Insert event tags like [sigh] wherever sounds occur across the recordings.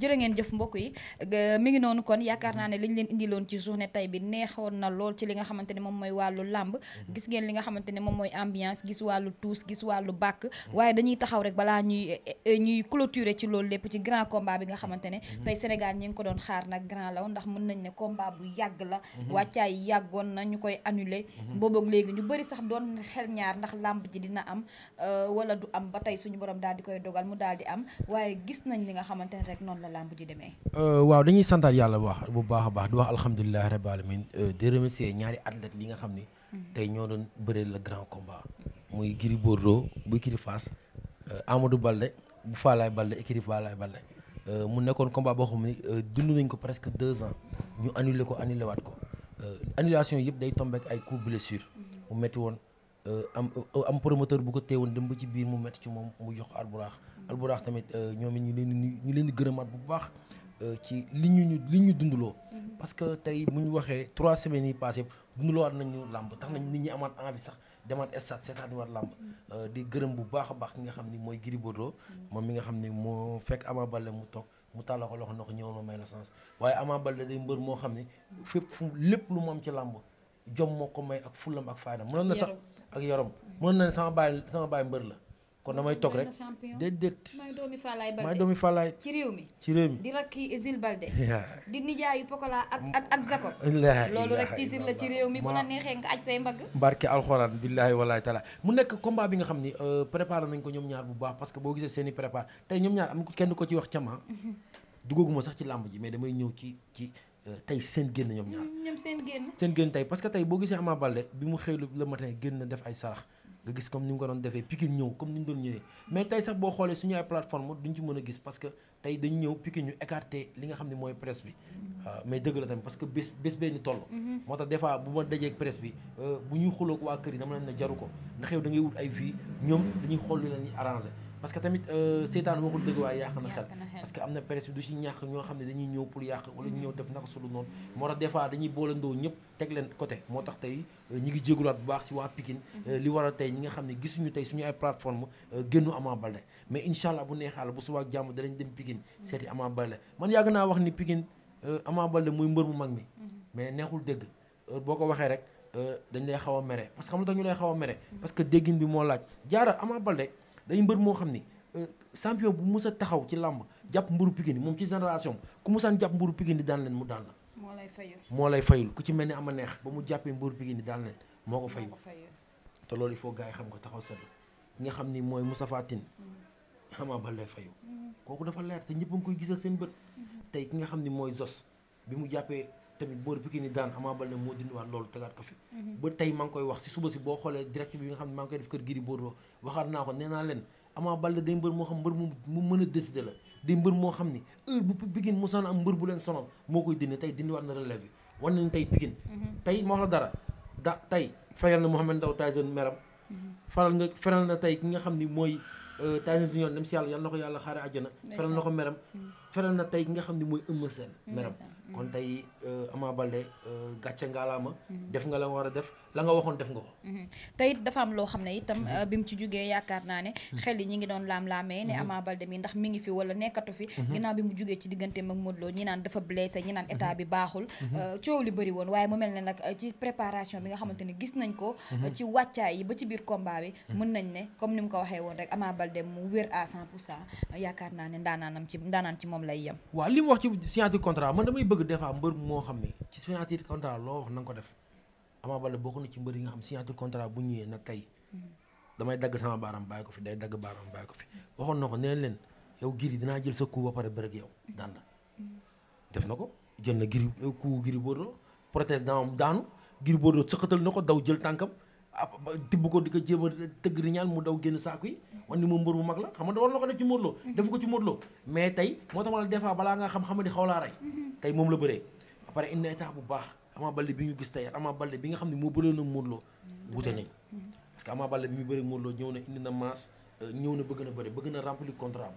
jërë ngeen jëf mbokk yi mi ngi noonu kon yaakaar naa ne liñ leen indiloon ci journée tey bi neexoon na lool ci li nga xamante ne moom mooy wàllu làmb mhm. li nga xamante ne moom mooy ambiance gis wàllu tuus gis wàllu bàkk waaye dañuy taxaw rek balaa ñuy e, e, e, ñuy clôturer ci loolu lépp ci grand combat bi nga xamante ne mhm. tey Sénégal ñi ngi ko doon xaar nag grand law ndax mën nañ ne combat bu yàgg la mhm. wàccaay yàggoon na ñu koy annulé booboog léegi ñu bëri sax doon xel ñaar ndax làmb ji dina am euh, wala du am ba tey suñu borom daal di koy dogal mu daal di am waaye gis nañ li nga xamante ne rek noonu la làmb ji demee. Euh, waaw dañuy santaat yàlla bu baax bu baax a baax di wax alhamdulilah rabbil alamin euh, di remercier ñaari athlètes li nga xam ni. Mm-hmm. tey ñoo doon bëre le grand combat. muy Gris Bordeaux bu Gris Fass euh, Amadou Balde bu Faalaay Balde Gris Balde mu nekkoon combat boo xam ni dund nañ ko presque deux ans ñu annulé ko annulé waat ko annulation yëpp day tombé ak ay coup blessure mm-hmm. mu métti woon am promoteur bu ko téewoon dem ci biir mu métti ci moom mu jox arburaax Alburax tamit euh, ñoom it ñu leen di ñu leen di gërëmaat bu baax euh, ci li ñu ñu li ñu dundaloo. Mm-hmm. parce que tey mu ñu waxee trois semaines yi passé dundaloowaat nañ ñu làmb tax nañ nit ñi amaat envie sax demaat stade seetaat ñu war làmb. Mm-hmm. Euh, di gërëm bu baax a baax ki nga xam ni mooy Gris mm-hmm. moom mi nga xam ni moo fekk Ama Baldé mu toog. mu tàlla ko loxo na ko ñëw ma may la sens waaye Ama Baldé day mbër moo xam ne fépp fu lépp lu mu am ci làmb jom moo ko may ak fulam ak faydam mënoon na sax ak yorom ne kon damay toog rek déedéet may doomi Fallaye Balde may doomi ci réew mi ci réew mi di rakki Zil Balde [laughs] di nijaayu Pokola ak ak ak Jacob [laughs] loolu rek titre la ci réew mi bu la neexee nga aj say mbagg mbarke alxuraan billaahi wallaahi taala mu nekk combat bi nga xam ni euh, préparé nañ ko ñoom ñaar bu baax parce que boo gisee seen i prépare tey ñoom ñaar am kenn ko ci wax cama [laughs] duggaguma sax ci làmb ji mais damay ñëw ci ci euh, tey seen génn ñoom ñaar seen génn seen tey parce que tey boo gisee Ama bi mu xëy le matin génn def ay sarax nga gis comme ni mu ko doon defee Pikine ñëw comme ni mu doon ñëwee mais tey sax boo xoolee suñu ay plateforme duñ ci mën a gis parce que tey dañ ñëw Pikine ñu écarté li nga xam ne mooy presse bi mm-hmm. euh, mais dëgg la tamit parce que bés bés bee ñu toll mm-hmm. moo tax des fois bu ma dajeeg presse bi euh, bu ñuy xuloog waa kër yi dama leen ne jaru ko ndax yow da wut ay vie ñoom dañuy xool lu leen arrangé parce que tamit euh, seetaan waxul dëgg waaye yàq na xel parce que am na presse bi du ñoo xam ne dañuy ñëw pour yàq wala ñu ñëw def naka sulu noonu moo tax des fois dañuy boolandoo ñëpp teg leen côté euh, ngi jégulaat bu baax ci waa Pikine mm-hmm. euh, li war tey ñi nga xam ne gisuñu tey suñu ay plateforme génnu Ama Baldé mais incha allah bu neexaala bu subaa jàmm danañ dem Pikine mm-hmm. seeti yàgg naa wax ni Pikine Ama Baldé muy mbër mu mag mi mm-hmm. mais neexul dëgg boo ko waxee rek dañ lay xaw a mere parce que xam nga tax xaw a mere parce que déggin bi moo laaj jaara Ama Baldé day mbër moo xam ni euh, champion bu mus a taxaw ci làmb jàpp mburu Pikine moom ci génération ku musaan jàpp mburu Pikine daan leen mu daan la. moo lay fayul fayul ku ci mel ni ama neex ba mu jàppee mburu Pikine daan leen moo ko fayul. te loolu il faut gars yi xam ko taxaw seetlu ki nga xam ni mooy Moustapha Tine ba mm-hmm. Baldé fayu mm-hmm. kooku dafa leer te ñëpp a koy gisal seen bët. Mm-hmm. tey ki nga xam ni mooy Zos bi mu jàppee. tamit boor Pikine daan Ama Baldé moo dindiwaat loolu tegaat ko fi mhm. ba tey maa ngi koy wax si suba si boo xoolee direct bi nga xam a la day mbër moo xam ni heure bu Pikine mosaan am mbër bu leen sonal moo koy dindi tey dindiwaat na relève dem si yàlla yàlla na ko yàlla xaare àjjana feral na ko meram mhm. feral na tey ki nga xam ne mooy Eumeu Sène meram mm-hmm. kon tey euh, Ama Baldé euh, gàcce ngaalaama mm-hmm. def nga la war a def la nga waxoon def nga ko mm-hmm. te dafa am loo xam ne itam euh, bi mu ci jógee yaakaar naa ne xel yi ñi ngi doon laam-laamee ne Ama Baldé mi ndax mi ngi fi wala nekkatu fi ginnaaw bi mu jógee ci diggante mag Modou Lo ñi naan dafa blessé ñi naan état bi baaxul coow li bëri woon waaye mu mel ne nag ci bi nga xamante ne gis nañ ko ci wàccaay yi bi mën nañ ne comme ni mu ko waxee woon rek Ama Baldé mu wér à cent pour cent yaakaar naa ne ndaanaanam ci ci moom moom lay yem. waaw li wax ci signature contrat man damay bëgg des fois mbër moo xam ne ci signature contrat loo wax na ko def Ama Baldé bokk na ci mbër yi nga xam signature contrat bu ñëwee na tey damay dagg sama baaraam bàyyi ko fi day dagg baaraam bàyyi ko fi waxoon na ko nee leen yow giri danaa jël sa coup ba pare bërëg yow daan la def na ko jël na giri coup giri Bordeaux protège daanu giri Bordeaux sëqatal na ko daw jël tànkam Ah, tibb ko di ko jéem a tëgg di ñaan mu daw génn saaku yi wan ni moom mbër bu mag la xam nga war na ko def ci Modou Lo mm-hmm. def ko ci Modou mais tey moo tax ma la des balaa nga xam-xam di xaw laa rey mm-hmm. tey moom la bëree ba pare indi état bu baax Ama Baldé bi ñu gis tey amaa Baldé bi nga xam ne moo bëree na Modou Lo mm-hmm. wute nañ parce que Ama bi ñu bëree Modou ñëw na indi na masse euh, ñëw na bëgg na bëri bëgg na remplir contrat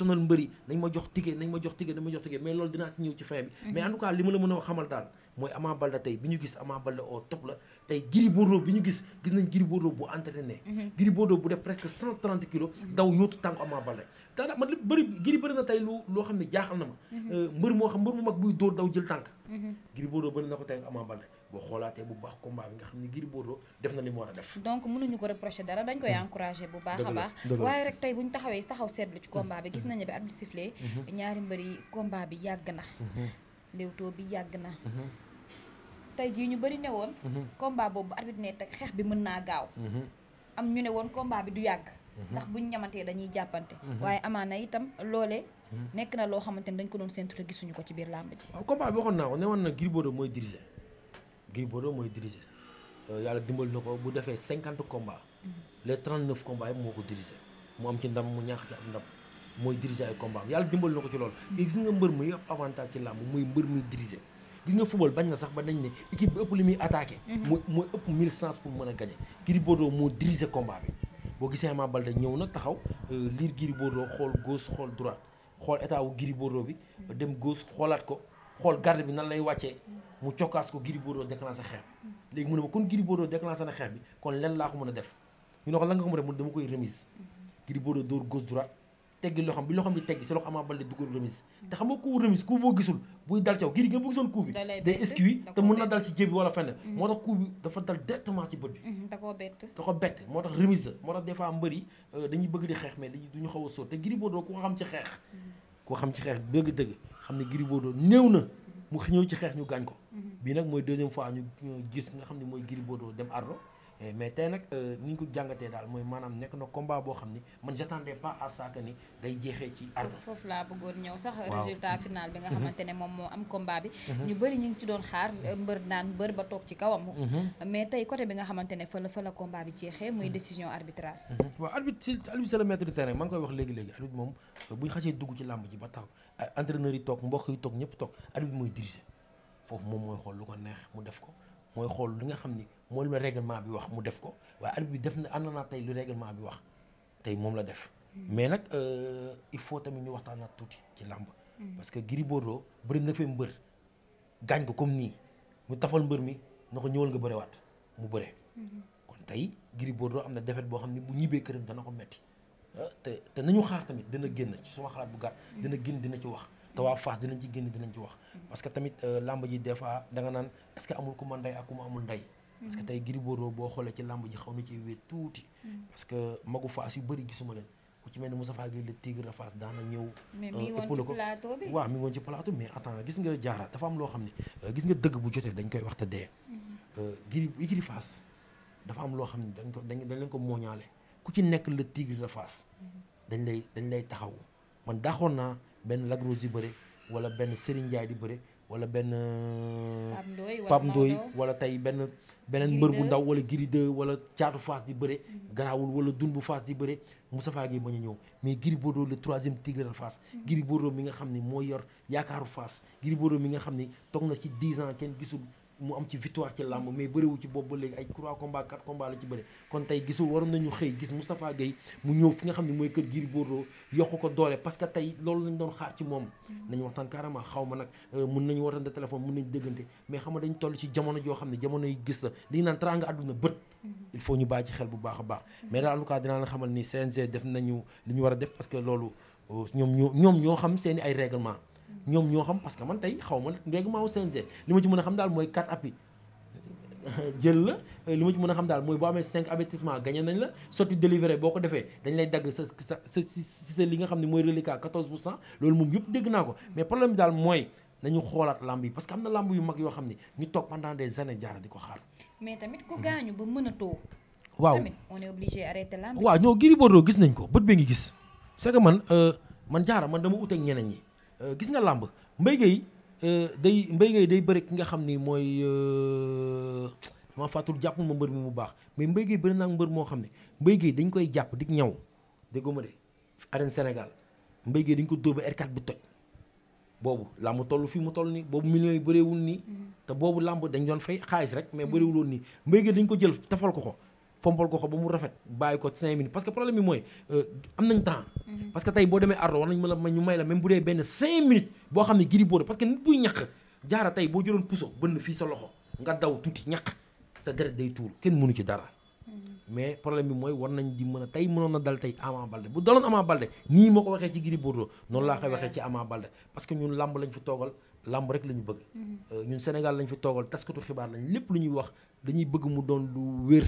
sonal mbëri nañ ma jox ticket nañ ma jox ticket nañ ma jox ticket mais loolu dinaa ci ñëw ci fin bi mhm. mais en li ma la mën a xamal daal mooy Ama Baldé tey bi ñu gis Ama Baldé au top la tey Gris bi ñu gis gis nañ Gris bu entraîné mhm. Gris bu def presque cent trente kilos mhm. daw yóotu tànku Ama Baldé daanaka man li bëri Gris bëri na tey lu loo xam ne jaaxal na ma euh, mbër moo xam mbër mu mag buy dóor daw jël tànk Gris Bordeaux bëri na ko tey Ama Baldé boo xoolaatee bu baax combat bi nga xam ne Gris def na li mu war a def. donc mënuñu ko reprocher dara dañ koy encourager bu baax a baax. waaye rek tey bu ñu taxawee taxaw seetlu ci combat bi gis nañu ne bi arbitre sifflé mhm. ñaari mbër yi combat bi yàgg na. Mhm. léewtoo bi yàgg na. Mhm. tey jii ñu bari ne woon. combat boobu arbitre ne teg xeex bi mën naa gaaw. am ñu ne woon combat bi du yàgg. ndax buñ ñamantee dañuy jàppante. waaye amaana itam loole nekk na loo xamante ne dañ ko doon séntu te gisuñu ko ci biir làmb ji. waaw bi waxoon naa ko ne woon na Gris Bordeaux Gris Bordeaux mooy dirigé euh, yàlla dimbal na ko bu defee cinquante combats mm-hmm. les neuf combats yi moo ko dirigé mu am ci ndam mu ñaax ci am ndam mooy dirigé ay combats yàlla dimbal na ko ci loolu. Mm-hmm. gis nga mbër muy ëpp avantage ci làmb muy mbër muy dirigé gis nga football bañ na sax ba nañ ne équipe bi ëpp li muy attaqué. Mm-hmm. mooy ëpp mille chance pour mën a gagné. Gris moo dirigé combat bi boo gisee Ama Baldé ñëw na taxaw euh, liir Gris Bordeaux xool gauche xool droite xool état wu Gris bi dem gauche xoolaat ko xool garde bi nan lay wàccee. mu cokkaas ko Gris Bordeaux déclenché xeex léegi mu ne ma kon Gris Bordeaux déclenché na xeex bi kon len laa ko mën a def ñu ne ko lan nga ko mën a def mu dama koy remise Gris Bordeaux dóor gauche droite teggi bi loxam teggi si xam nga ku remise ku boo gisul buy dal caw Gris mm-hmm. moo tax coup bi dafa dal directement a sóor te Gris Bordeaux ku xam ci xeex mm-hmm. ku xam ci xeex dëgg-dëgg xam ne Gris Bordeaux néew na mu ñëw ci xeex ñu gaañ ko bii nag mooy deuxième fois ñu gis nga xam ne mooy Gris Bordeaux dem Ardo eh, mais tey nag euh, ni ñu ko jàngatee daal mooy nekk na combat boo xam ni man j'attendais pas à ça que ni day jeexee sax. résultat mhm. moom moo am combat bi. Mhm. ñu bëri ñu ngi ci doon xaar euh, mbër naan mbër ba toog ci kawam. Mhm. mais tey coté bi nga xamante ne fa la fa la combat bi jeexee muy décision arbitrale. waaw arbitre si arbitre c'est le maître koy wax léegi léegi arbitre moom bu ñu xasee dugg ci làmb ji ba taxaw entraîneur yi toog mbokk yi toog ñëpp toog arbitre mooy diriger. foofu moom mooy xool lu ko neex mu def ko mooy xool lu nga xam ni mooy lu règlement bi wax mu def ko waaye arbitre bi def na ànd naa tey lu règlement bi wax tey moom la def. Hmm. mais nag euh, il faut tamit ñu waxtaanaat tuuti ci làmb. Hmm. parce que Gris Bordeaux bëri na fee mbër gaañ ko comme nii mu tafal mbër mi na ko ñëwal nga bëriwaat mu bëre. Hmm. kon tey Gris Bordeaux am na defet boo xam ne bu ñibbee këram dana ko metti ah, te te nañu xaar tamit dana génn ci suma xalaat bu gàtt. dana génn dina ci wax. te waa Fass dinañ ci génn dinañ ci wax. Mm-hmm. parce que tamit euh, làmb ji des fois da nga naan est ce que amul ku ndey ak ku amul ndey. Mm-hmm. parce tey Gris boo xoolee ci làmb ji xaw na ci wéet tuuti. Mm-hmm. parce magu Fass yu bëri gisuma leen ku ci mel ni Moussa Gueye le tigre de Fass daan na ñëw. Euh, ëppale gis nga jaara dafa am loo xam ne euh, gis nga dëgg bu jotee dañ koy wax te dee. Gris Gris Fass dafa am loo xam ne dañ ko dañ leen ko mooñaale ku ci nekk le tigre de Fass dañ lay dañ lay taxaw man daxoon naa benn Lac Rose di bëre wala benn Serigne Ndiaye di bëre wala benn euh, Pape Ndoye wala tey benn beneen mbër bu ndaw wala Gris 2 wala caatu Fass di bëre mhm. garaawul wala dun bu Fass di bëre Moustapha Gueye bañ a ñëw mais Gris Bordeaux le troisième tigre de Fass mhm. Gris Bordeaux mi nga xam ni moo yor yaakaaru Fass Gris Bordeaux mi nga xam ni toog na ci 10 ans kenn gisul mu am ci victoire ci làmb mais bëriwu ci boobu ba léegi ay 3 combats 4 combats la ci bëri kon tey gisul waroon nañu xëy gis Moustapha Gueye mu ñëw fi nga xam ne mooy kër Gris Bordeaux yokk ko doole parce que tey loolu lañ doon xaar ci moom nañu waxtaan carrément xaw ma nag euh, mun nañu warante téléphone mun nañ déggante mais xam nga dañ toll ci jamono joo xam ne jamono yi gis la li ñu naan teraanga àdduna bët mm-hmm. il faut ñu bàyyi ci xel bu baax a baax mm-hmm. mais daal en tout cas dinaa la ni CNG def nañu li ñu war a def parce que loolu euh, ñoom ñoo ñoom ñoo xam seen i ay règlement ñoom ñoo xam parce que man tey xaw ma règlement wu CNG li ma a xam daal mooy 4 appuis [laughs] jël la li ma ci mën a xam daal mooy boo amee 5 avertissement gagné nañ la sotti délivré boo ko defee dañ lay dagg sa sa sa sa li nga xam ne mooy reliquat 14 pour cent loolu moom yëpp dégg naa ko mais problème bi daal mooy nañu xoolaat lamb yi parce que am na lamb yu mag yoo xam ne ñu toog pendant des années jaara di ko xaar. mais tamit ku gaañu ba mën a toog. waaw tamit on est obligé arrêter lamb. ñoo Gris gis nañ ko bët bee ngi gis man euh, man jaara man dama ut ak ñeneen ñi. Euh, gis nga làmb Mbaye Gueye euh, day Mbaye Gueye day bëri ki nga xam ni mooy euh, ma fàttul jàpp ma mbër mi mu baax mais Mbaye Gueye bëri naa mbër moo xam ne Mbaye Gueye dañ koy jàpp di ñaw déggoo ma de arène Sénégal Mbaye Gueye dañ ko dóor ba R4 bi toj boobu làmb tollu fii mu toll nii boobu millions yu bëreewul nii mm-hmm. te boobu làmb dañ doon fay xaalis rek mais mm-hmm. bëreewuloon nii Mbaye dañ ko jël tafal ko ko fompal ko ko ba mu rafet bàyyi ko cinq minutes parce que problème bi mooy euh, am nañ temps. Mhm. parce que tey boo demee ardo war nañ mën a ñu may la même bu dee benn cinq minutes boo xam ne giri boobu parce que nit buy ñàkk jaara tey boo jëloon puso bënn fii sa loxo nga daw tuuti ñax sa deret day tuur kenn mënu ci dara. Mhm. mais problème bi mooy war nañ di mën a tey mënoon na dal tey Ama Baldé bu daloon Ama Baldé nii moo ko waxee ci Gris Bordeaux noonu laa koy waxee ci Ama Baldé parce que ñun làmb rek la ñu bëgg mhm. euh, ñun Sénégal lañ fi toogal taskatu xibaar lañ lépp lu ñuy wax dañuy bëgg mu doon lu wér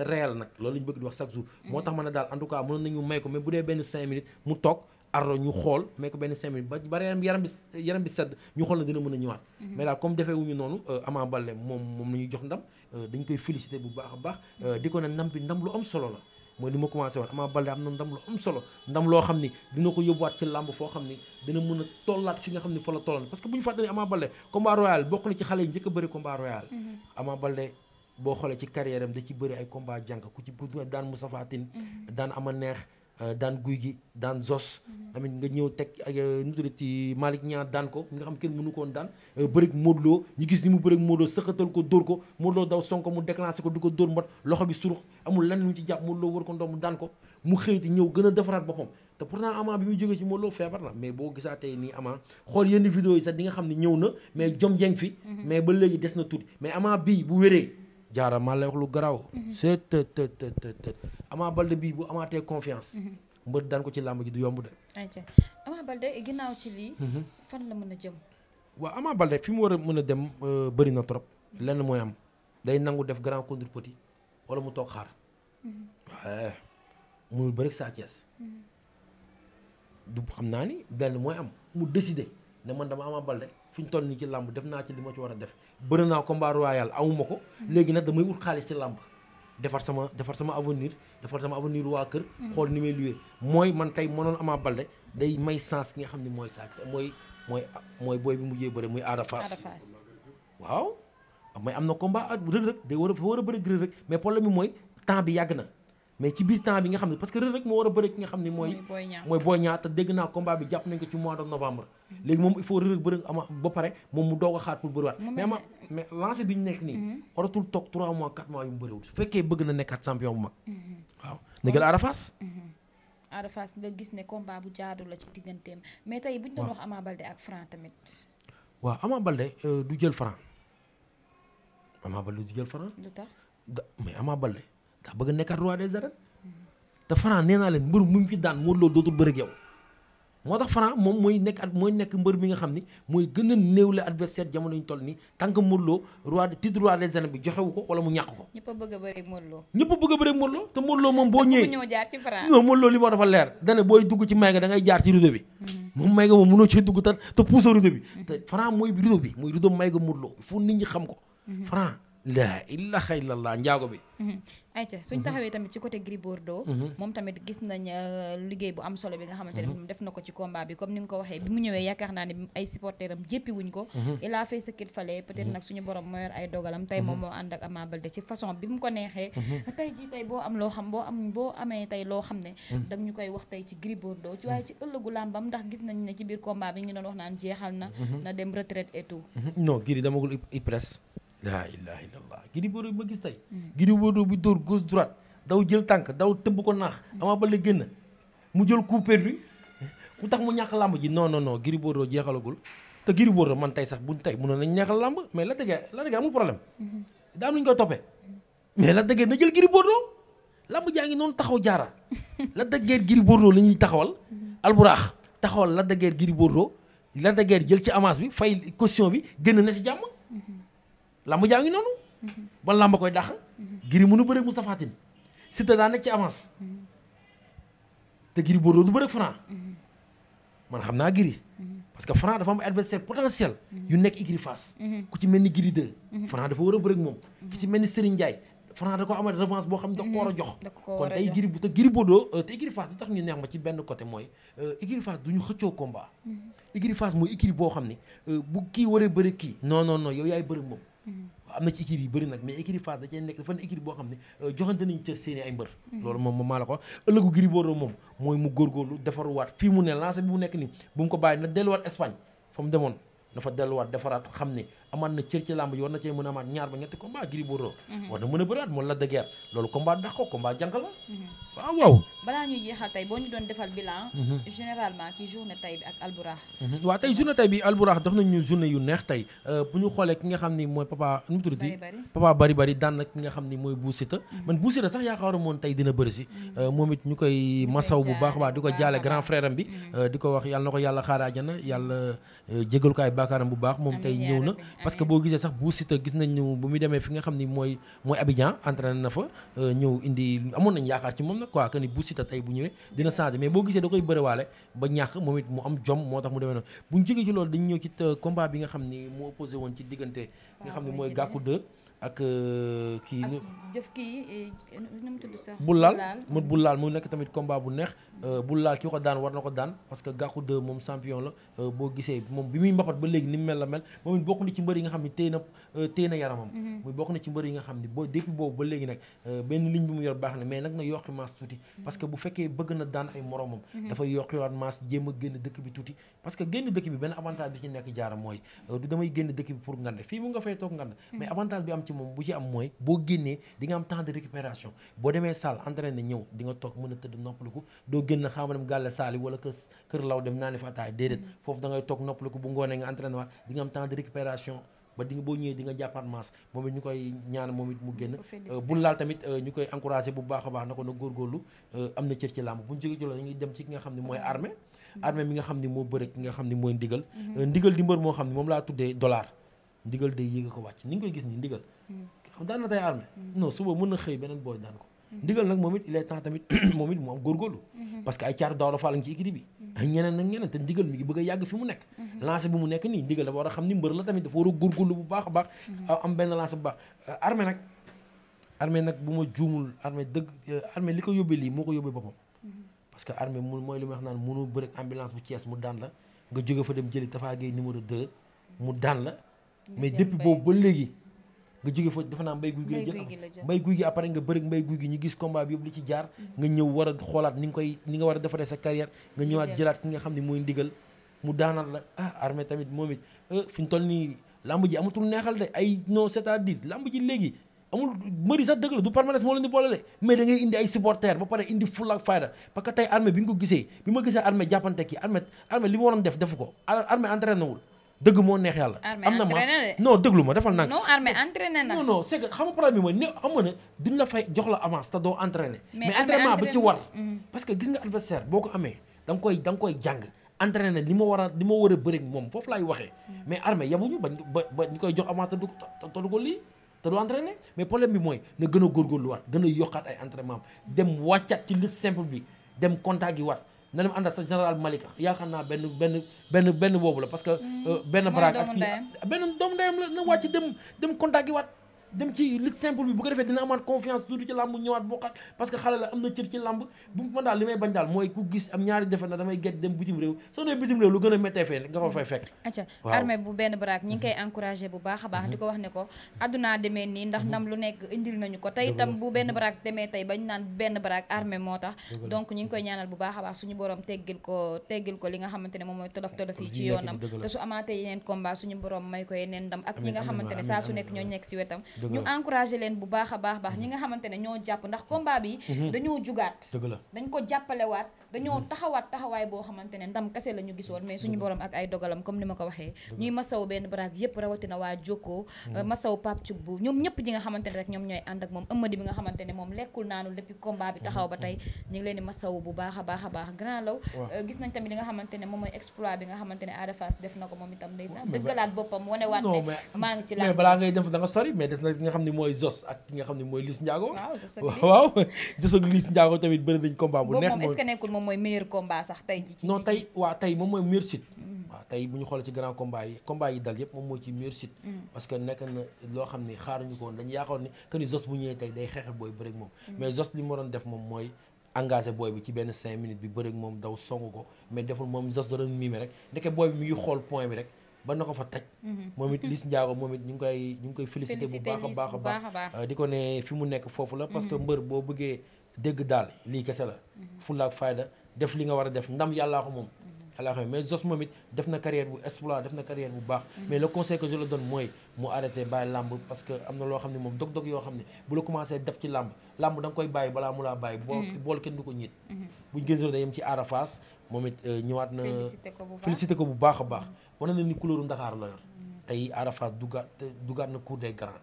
te réel nag loolu la ñu bëgg di wax chaque jour. moo tax ma ne daal en tout cas mënoon nañu may ko mais bu dee benn 5 minutes mu toog arro ñu xool may ko benn 5 minutes ba yaram bi sedd ñu xool na gën a mën a ñëwaat. Mhm. mais daal comme defee wuñu noonu euh, Ama Baldé moom moom la jox ndam euh, dañ koy félicité bu baax a baax. Euh, di ko ne ndam bi ndam lu am solo la. mooy ni ma commencé woon Ama Baldé am na ndam lu am solo ndam loo xam ni dina ko yóbbuwaat ci làmb foo xam ni dina mën a tollaat fi nga xam ni fa la tolloon parce que bu ñu fàttali Ama Baldé combat royal bokk na ci xale yi njëkk a bëri combat royal mhm. boo xoolee ci carrière da ci bëri ay combat jànk ku ci daan Moustapha Tine mhm. daan ama neex euh, daan guy gi daan zos mhm. tamit nga ñëw teg ak euh, nu tudd daan ko nga xam kenn mënu koon daan euh, bërik Modou ñu gis ni mu bërik Modou Lo sëqatal ko dóor ko Modou Lo daw sonko mu déclenché ko du ko dóor mbot loxo bi surux amul lan ñu ci jàpp Modou Lo ko ndoom mu daan ko mu xëyti ñëw gën a defaraat boppam te pourtant Ama bi muy jógee ci Modou feebar na mais boo gisaatee nii Ama xool di nga xam ne ñëw na mais jom jeng fi mhm. mais ba léegi des jaara maa lay wax lu garaaw. c'est të të të të Balde bii bu amaatee confiance. mbër daan ko ci làmb ji du yomb de. ayca Ama Balde ginnaaw ci lii. Mhm. fan la mën a jëm. waaw Ama Balde fi mu war a mën a dem euh, bëri na trop. lenn mooy am day nangu def grand contre petit wala mu toog xaar. waaye mhm. mënul Sa Thiès. Mhm. du xam naa ni benn mooy am mu décider. ne man dama am Ama Baldé fi ñu toll nii ci làmb def naa ci li ma ci war a def bëri naa combat royal amuma ko hmm. léegi nag damay wut xaalis ci làmb defar sama defar sama avenir defar sama avenir waa kër hmm. xool ni may luwee mooy man tey mënoon Ama Baldé day may sens ki nga xam ne mooy sàcc mooy mooy mooy booy bi mujjee bëri muy Ada Fass waaw may am na combat at rëg rëg day war a fa war a bëri rëg rëg mais problème bi mooy temps bi yàgg na mais ci biir temps bi nga xam ne parce que Reug moo war a bëre ki nga xam ne mooy mooy Boy Niang te dégg naa combat bi jàpp nañ ko ci mois de novembre léegi moom il faut Reug bëre ama ba pare moom mu doog a xaar pour bëriwaat mais ama bi nekk nii mm-hmm. waratul toog 3 mois 4 mois yu mu bëriwul su fekkee bëgg na nekkaat champion bu mag mm-hmm. waaw négal Ada Fass mm-hmm. Ada nga gis ne combat bu jaadu la ci digganteem mais tey buñ doon wax Ama Baldé ak Franc tamit waaw Ama Baldé euh, du jël Franc Ama Baldé jël Franc lu tax daa bëgg a nekkaat roi des arènes te Franc nee mbër mu fi daan Modou dootul bëre ak moo tax Franc moom mooy nekk at mooy nekk mbër mi nga xam ni mooy gën a néewle adversaire jamono ñu toll nii tant que Modou mu ñàkk ko. boo ñëwee ñëw jaar ci Franc non Modou moo dafa leer bi mm-hmm. moom may ga mooy rideau bi mooy rideau may ga Modou Lo nit ñi xam ko mm-hmm. Franc laa ilaha illallah njaago bi. Mhm. ayca suñ mhm. taxawee tamit ci côté Gris Bordeaux. Mhm. moom tamit gis nañ euh, liggéey bu am solo bi nga xamante ne def na ko ci combat bi comme ni nga ko waxee bi mu ñëwee yaakaar naa ne ay supporteurs am jéppi wuñ ko. il a fait ce moo moo ànd ak Ama ci façon bi mu ko neexee. tey jii tey boo am loo xam boo am boo amee tey loo xam ne. dag ñu koy wax tey ci Gris Bordeaux ci waaye ci ëllëgu làmbam ndax gis nañ ne ci biir combat bi ñu doon wax naan jeexal na. na dem retraite et tout. non Gris damagul i laa ilaha illallah Gris bi ma gis tey mm. Gris Bordeaux bu dóor gauche droite daw jël tànk daw tëbb ko naax mm. Ama Baldé génn mu jël coup perdu mu tax mu ñàkk làmb ji non non non Gris jeexalagul te Gris man tey sax buñ tey mënoon nañ neexal làmb mais la dëggee la dëggee amul problème mm-hmm. daa am lu ñu koy toppee mm. mais la dëggee na jël Gris Bordeaux jaa ngi noonu taxaw jaara la [laughs] dëggee Gris Bordeaux la ñuy taxawal mm-hmm. alburaax taxawal la dëggee Gris Bordeaux la dëggee jël ci avance bi fay caution bi génn na si jàmm lamb jaa ngi noonu. ba lamba koy dàq. giri mënu bëreeg Moustapha Tine Siteu daa nekk ci avance. te giri Bordeaux du bëreeg Franc. man xam naa giri. parce que Franc dafa am adversaire potentiel. yu nekk igri face. ku ci mel ni giri 2. Franc dafa war a bëreeg moom. ku ci mel ni Serigne Ndiaye. Franc da ko amal revanche boo xam ne da ko war a jox. kon tey giri bu te giri Bordeaux euh, te igri face li tax ñu neex ma ci benn côté mooy euh, igri face du ñu xëccoo combat. Mm-hmm. igri face mooy igri boo xam ne euh, bu kii waree bëri kii. non non non yow yaay bëri am na ci équipe yi bëri nag mais équipe Fass da cee nekk dafa ne boo xam ne euh, joxante nañu cër seen ay mbër mm-hmm. loolu moom moom maa la ko wax ëllëgu Gris Bordeaux moom mooy mu góorgóorlu defaruwaat fii mu ne lancé bi mu nekk nii bu mu ko bàyyi na delluwaat Espagne fa mu demoon dafa delluwaat defaraat xam ne amaat na cër ci làmb ji war na cee mën a amaat ñaar ba ñetti combat Gris mhm. war na mën a bëraat moom Lac de Guiers loolu combat dax ko combat jànq la mhm. waaw waaw balaa tey boo ñu doon defal bilan mhm. généralement ci journée tey bi ak Alburax waaw tey journée tey bi Alburax dox nañu journée yu neex tey euh, bu ñu xoolee ki nga xam ni mooy papa nu mu tuddati papa bari bari daan na ki nga xam ni mooy Bou Siteu man Bou Siteu sax yaakaaroon moon tey dina bëri si euh, moom it ñu koy masaw bu baax baax di ko jaale grand frère euh, di ko wax yàlla ko yàlla xaar àjjana yàlla jégal ko ay baakaaram bu baax moom tey ñëw na parce que boo gisee sax bu gis nañu bu muy demee fi nga xam ni mooy mooy Abidjan entraîné na fa euh, ñëw indi amoon nañu yaakaar ci moom nag quoi que ni bu Siteu tey bu ñëwee dina changé mais boo gisee da koy bëriwaale ba ñàkk moom it mu am jom moo tax mu demee noonu bu ñu ci loolu dañu ñëw ci combat bi nga xam ni moo opposé woon ci diggante nga xam ni mooy Gackou 2 ak euh, kii. ak jëf kii eh, nu mu tudd sax. bul laal mu bu laal mu nekk tamit combat bu neex. Euh, bu laal ki ko daan war na ko daan parce que Gackou 2 moom champion la euh, boo gisee moom bi muy mbapat ba léegi ni mu mel la mel moom it bokk ci mbër yi nga xam ne téye na téye na yaramam. Mm-hmm. muy bokk na ci mbër yi nga xam ne boo depuis boobu ba léegi nag euh, benn ligne bi mu yor baax na mais nag na yokki maas tuuti mm-hmm. parce que bu fekkee bëgg na daan ay moromam mm-hmm. dafay yokkiwaat maas jéem a génn dëkk bi tuuti parce génn dëkk bi benn avantage bi ci nekk jaara mooy euh, du damay génn dëkk bi pour ngande fii mu nga fay toog ngande mm-hmm. mais avantage bi am ci moom bu ci am mooy boo génnee di nga am temps de récupération boo demee salle entraîné ñëw di nga a tëdd noppaliku doo génn xaama dem gàlle saali wala kër kër naa ne fa ataay déedéet foofu da ngay toog noppaliku bu ngoonee nga ba di nga boo ñëwee di nga jàppaat masse moom it ñu koy ñaan moom it mu génn euh, bu laal tamit euh, ñu koy encouragé bu baax a na ko na góorgóorlu euh, am na cër ci làmb bu ñu jógee ci loolu dañuy dem ci ki nga xam ne mooy mm-hmm. armée mm-hmm. armée mi nga xam ne moo bëre nga xam ne mooy ndigal mm-hmm. ndigal di mbër moo xam ne moom laa tuddee dollar ndigal day yéeg ko wàcc ni nga koy gis ni ndigal xam daan na tey suba mën na xëy beneen booy daan ko ndigal nag moom it il temps [coughs] ak ñeneen ak ñeneen te ndigal mi gi bëgg a yàgg fi mu nekk lancé bi mu nekk nii ndigal dafa war a xam ni mbër la tamit dafa war a góorgóorlu bu baax a baax mhm. am benn lancé bu baax euh, armée nag armée nag bu ma juumul armée dëgg euh, armée li ko yóbbee lii moo ko yóbbee boppa mhm. parce que armée mu mooy li ma wax naan mënoo bëri ambulance bu Thiès mu daan la nga jóge fa dem jëli Tafa Gueye numéro de mu daan la mais depuis boobu ba léegi nga jóge fa defe naa mbay guy gi la jël mbay guy gi nga bëri mbay guy gi ñu gis combat bi yëpp li ci jaar mm-hmm. nga ñëw war a xoolaat ni nga koy ni nga war a defaree sa carrière nga ñëwaat jëlaat ki nga xam ne mooy ndigal mu daanaat la ah armée tamit moom it euh, fi ñu toll nii lamb ji amatul neexal de ay non c'est-à-dire lamb ji léegi amul mbëri sax dëgg la du permanence moo leen di boole de mais da ngay indi ay supporters ba pare indi fulla ak fayda parce que tey armée bi nga gisee bi ma gisee armée jàppante ki armée armée li mu waroon def defu ko armée entraîné wul dëgg moo neex yàlla. am na maas non déglu ma defal nag. non armée entraîné na. non non c'est que xam nga problème bi mooy néew a nga ne la fay jox la avance te doo entraîné. mais entraînement mm-hmm. parce que gis nga adversaire boo ko amee da nga koy da nga koy jàng. entraîné li ma war a li ma war a bëri moom foofu laay waxee. Mm. mais armée yabuñu ba ba koy jox avance te du te du ko lii te du mais problème bi mooy na gën a góorgóorluwaat gën a yokkaat ay entraînement dem wàccaat ci liste simple bi dem contact yi waat. na dem ànd ak sa général Malika yaakaar naa benn benn benn benn boobu la parce que mm. euh, benn baraag ak benn doomu ndeyam la na wàcc dem dem contact yi waat dem ci lutte simple bi bu ko defee dina amaat confiance tuuti ci làmb ñëwaat bokkaat parce que xale la am na cër ci làmb bu man daal li may bañ daal mooy ku gis am ñaari defe na damay gedd dem bitim réew soo nee bitim réew lu gën a méttee fee nga ko fay fekk acca bu benn baraak ñi ngi koy encouragé bu baax a baax di ko wax ne ko addunaa demee nii ndax ndam lu nekk indi nañu ko tey itam bu benn baraak demee tey bañ naan benn baraak armée moo tax donc ñi ngi koy ñaanal bu baax a baax suñu borom teggil ko ko li nga xamante ne moom mooy tolof tolof yi ci yoonam te su amaatee yeneen combat suñu borom may ko yeneen ndam ak ñi nga xamante ne saa su nekk ñoo nekk si wetam ñu encouragé leen bu baax a baax baax ñi nga xamante ne ñoo jàpp ndax combat bi mhm. dañoo jugaat dañ ko jàppalewaat dañoo taxawaat taxawaay boo xamante ne ndam kase la ñu gisoon mais suñu borom ak ay dogalam comme ni ma ko waxee ñuy masaw benn baraag yëpp rawatina waa Jokko mm. euh, masaw Pape Thioub ñoom ñëpp ñi nga rek ñoom ñooy mm-hmm. a baax a baax grand law euh, exploit bi nga xamante ne def na ko moom itam ndeysaan dëggalaat boppam wane waat maa ngi ci laa mais balaa ngay def da sori mais des na nga xam ne mooy Jos ak nga xam ne mooy [laughs] Liss Ndiago tamit bëri nañ combat bu neex moom mooy meilleur combat sax tey ji non tey waa tey moom mooy meilleur site mm. waaw tey bu ñu xoolee ci grand combat yi combat yi dal yëpp moom mooy ci meilleur site mm. parce que nekk na loo xam ne xaaruñu ko woon dañu yaakaar ni que ni bu ñëwee tey day xeexal booy bëreeg moom mm. mais Zoss li mu def moom mooy engagé booy bi ci benn cinq minutes bi bëreeg moom daw song ko mais deful moom Zoss doon mimé rek ndeke booy bi mi ngi xool point bi rek ba na ko a baax euh, a dégg daal lii kese la mhm. fullaak fayda def li nga war a def ndam yàllaa ko moom mhm. yàllaa ko mais Zoss moom it def na carrière bu exploit def na carrière bu baax mhm. mais le conseil mooy mu arrêté bàyyi làmb parce que am na loo xam ne moom dog-dog yoo xam ne la commencé def ci làmb làmb da nga koy bàyyi balaa mu laa bàyyi boo bool kenn du ko a yem euh, ko bu baax a baax wane na ni couleur Ndakaar la yor tey Arafaas dugaat dugaat na cour des grands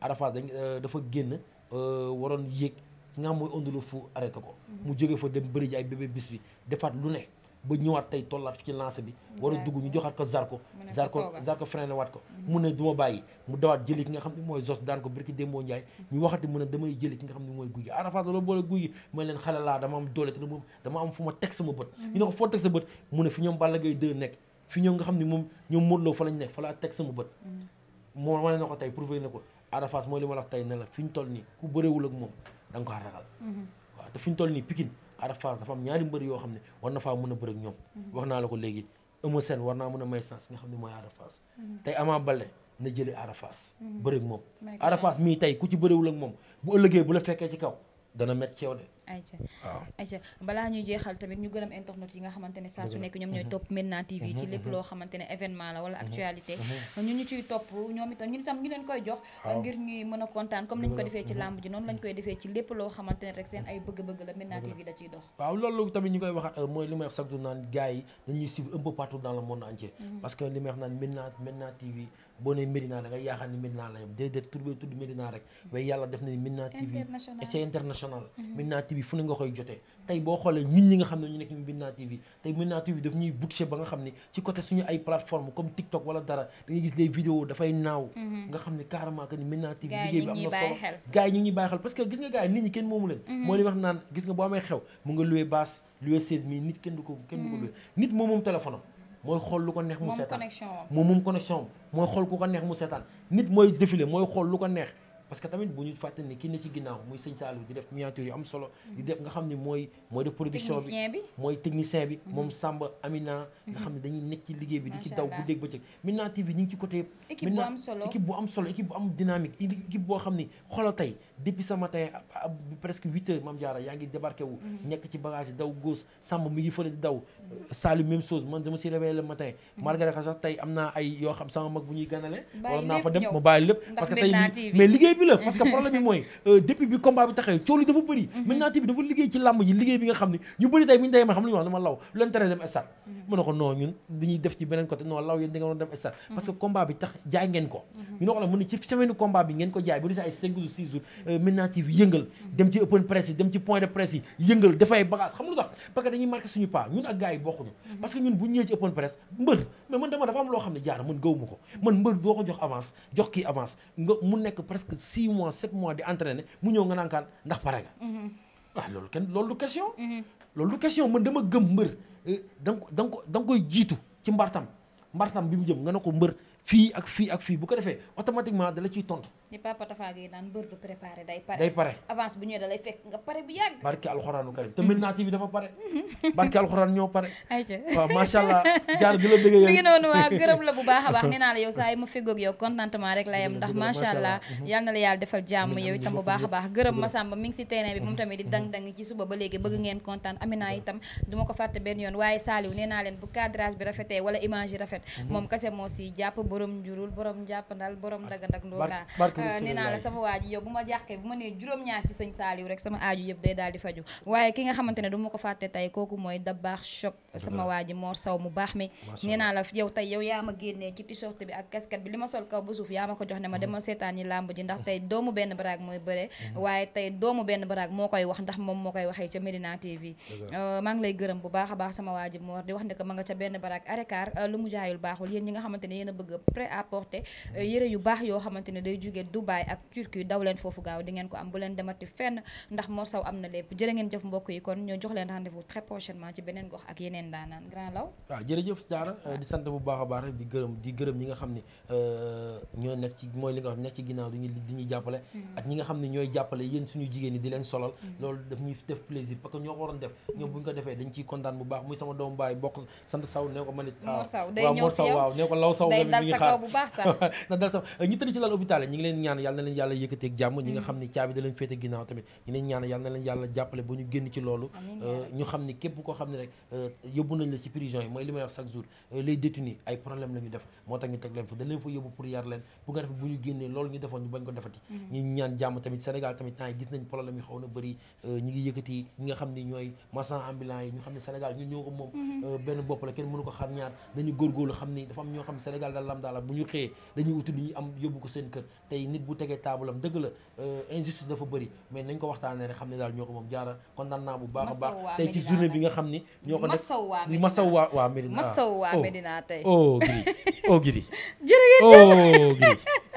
Arafaas dañ euh, dafa génn euh, waroon yéeg ki nga xam mooy Ondou Lô arrêté ko. mu jóge fa dem bëri ji ay bébé bi defaat lu ne ba ñëwaat tey tollaat ci lance bi. war a dugg ñu joxaat ko Zarko. Zarko Zarko freiné waat ko. Mm. mu ne du ma bàyyi mu dawaat jëli ki nga xam ne mooy Zos daan ko birki Demba Ndiaye. ñu waxati mu ne damay jëli ki nga xam ne mooy guy gi Arafat loolu boole guy gi ma leen xale laa dama am doole te dama am fu ma teg sama bët. Mm. ñu ne ko foo teg sa bët mu ne fi ñoom Balla Gaye 2 nekk fi ñoom nga xam ni moom ñoom Modou Lô fa lañ nekk fa laa teg sama bët. Mm. moo wane na ko tey prouvé na ko Arafat mooy li ma la tey ne la fi ñu toll nii ku bëreewul ak moom da nga a ragal. waaw te fi ñu toll nii Pikine Ada dafa am ñaari mbër yoo xam ne war na faa mën a bëre ak ñoom. wax naa la ko léegi Eumeu seen war naa mën a may sens nga xam ne mooy Ada Fass. tey Ama Baldé na jëlee Ada Fass. bëre ak moom Ada mii tey ku ci bërewul ak moom bu ëllëgee bu la fekkee ci kaw dana met ci de. ayca waaw balaa ñuy jeexal tamit ñu gërëm internet yi nga xamante saa su nekk ñoom ñooy mhm. topp Médina TV ci mhm, lépp mhm. loo xamante événement la wala actualité ñu ñu ciy topp ñoom itam ñu leen koy jox ngir ñuy mën a kontaan comme nañ koy defee ci lépp loo xamante rek seen ay bëgg-bëgg la Médina TV da ciy dox waaw loolu tamit ñu koy waxaat euh, mooy li may wax chaque jour naan yi dañuy suivre un partout dans la yem déedéet tur bi tudd Médina rek mais yàlla def ni Médina bi fu ne nga koy jotee tey boo xoolee nit ñi nga xam ne ñu nekk Médina TV tey Médina TV daf ñuy boucher ba nga xam ne ci côté suñu ay plateforme comme TikTok wala dara da ngay gis les vidéos dafay naaw mhm. nga xam ne carrément ni Médina TV liggéey bi am na solo gars yi ñu ngi bàyyi xel parce que gis nga gars yi nit ñi kenn moomu leen mhm. moo li wax naan gis nga boo amee xew mu nga loué basse loué 16 mi nit kenn du ko kenn du ko mhm. loué nit moom moom téléphone mooy xool lu ko neex mu seetaan moom moom connexion am mooy xool ku ko neex mu seetaan nit mooy défilé mooy xool lu ko neex parce que tamit bu ñu fàttali ki ne ci ginnaaw muy sëñ Saalum di def miniature yu am solo di def nga xam ne mooy mooy def production bi mooy technicien bi mhm. moom Samba Amina nga xam ne mhm. dañuy nekk ci liggéey bi di ci daw bu dégg bëccëg Médina TV ñu ngi ci côté Médina équipe bu am solo équipe bu am dynamique équipe boo xam ne xolo tey depuis ce matin presque yaa ngi débarqué wu mhm. nekk ci bagage yi daw góos Samba mi ngi fële di daw Saalum même chose man dama si réveillé le matin Margaret sax tey am na ay yoo xam sama mag bu ñuy ganale ma bàyyi lépp parce que tey mais liggéey bi parce que [laughs] problème bi mooy euh, depuis bi combat bi taxawee coow li dafa bëri mhm. maintenant tamit dafa liggéey ci làmb ji liggéey bi nga xam ne ñu bëri tey bu ñu dayee man xam lu law lu leen dem stade mhm. mu ne ko non ñun li ñuy def ci beneen côté non law yéen da nga doon dem stade mm-hmm. parce que combat bi tax jaay ngeen ko mm-hmm. ñu ne ko la mën na ci semaine combat bi ngeen ko jaay bu dese ay cinq jours six jours euh, maintenant ci yëngal mm-hmm. dem ci open press yi dem ci point de presse yi yëngal dafay bagage xam lu tax parce que dañuy marqué suñu pas ñun ak gars yi bokkuñu parce que ñun bu ñëwee ci open press mbër mais man dama dafa am loo xam ne jaara man gaw ma ko man mbër doo ko jox avance jox kii avance nga mu nekk presque six mois sept mois di entraîner mu ñëw nga naankaan ndax pare nga waaw loolu kenn loolu du question loolu du question man dama gëm mbër Euh, da nga ko da nga koy jiitu ci mbartam mbartam bi mu jëm nga ne ko mbër fii ak fii ak fii bu ko defee automatiquement dala ciy tontu. ni papa Tafa Gueye naan mbër du préparé day pare. avance bu ñëwee da lay fekk nga pare bu yàgg. barke alxuraanu karim te Médina TV dafa pare. [laughs] barke alxuraan ñoo pare. ayca waaw macha allah di la bëgg [laughs] yow. mi ngi noonu waa gërëm la bu baax a baax nee la yow saa yi ma feggoog yow contentement rek la yem ndax macha allah mhm. na la yàlla defal jàmm yow itam bu baax a baax gërëm Massamba mi ngi si terrain bi moom tamit di mhm. dang-dang ci suba ba léegi bëgg ngeen kontaan Amina itam du ma ko fàtte benn yoon waaye Saliou nee naa leen bu cadrage bi rafetee wala image yi rafet mhm. moom kase moo si jàpp borom njurul Euh, nee naa la sama waa ji yow bu ma jàqee bu ma nee juróom-ñaar ci sëñ Saaliw rek sama aaju yëpp day daal faju waaye ki nga xamante ne du ma ko fàtte tey kooku mooy Dabakh Shop sama waa ji Mor Sow mu baax mi nee naa ma génnee ci t-shirt bi ak li ma sol kaw ba suuf yaa ma ko jox ne ma mhm. demal seetaan yi làmb ji ndax mhm. tey doomu benn baraag mooy bëre mhm. waaye tey doomu benn baraag moo koy wax ndax moom moo koy waxee ca Medina TV euh, maa lay gërëm bu baax a baax sama waa ji Mor di wax ne ko ma nga ca benn baraag arécar euh, lu mu jaayul baaxul yéen ñi nga xamante ne yéen a bëgg prêt à Dubaï ak Turquie daw leen foofu gaaw di ngeen ko am bu leen demati fenn ndax moo saw am na lépp jërë ngeen law waaw jërëjëf Diarra di sant bu baax a baax rek di gërëm di euh, ci mooy li mm-hmm. ñi nga leen [laughs] leen ñaan ñu defoon bañ ko defati mm-hmm. ñu ñaan jàmm tamit Sénégal tamit temps gis nañ problème yi xaw na bëri euh, ñi ngi yëkkati ñi nga xam ne ñooy marchand ambulant yi ñu xam ne Sénégal ñun moom mm-hmm. euh, benn bopp kenn mënu ko xar ñaar dañu góorgóorlu xam ni dafa am ñoo xam Sénégal daal lam daala bu ñu xëyee dañuy wuti lu ñu am yóbbu ko seen kër tey nit bu tegee taabalam dëgg la euh, injustice dafa bëri mais nañ ko waxtaan a xam ne daal ñoo ko moom jaara kontaan naa bu baax a baax tey ci journée bi nga xam ni ñoo ko def masaw waa waa Medina masaw waa ah. oh. Medina tey oh giri oh giri [laughs] jërëjëf oh giri